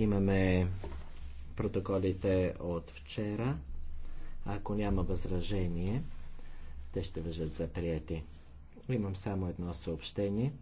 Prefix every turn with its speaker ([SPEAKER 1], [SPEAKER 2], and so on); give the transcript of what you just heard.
[SPEAKER 1] Имаме протоколите от вчера. Ако няма възражение, те ще въжат за прияти. Имам
[SPEAKER 2] само едно съобщение.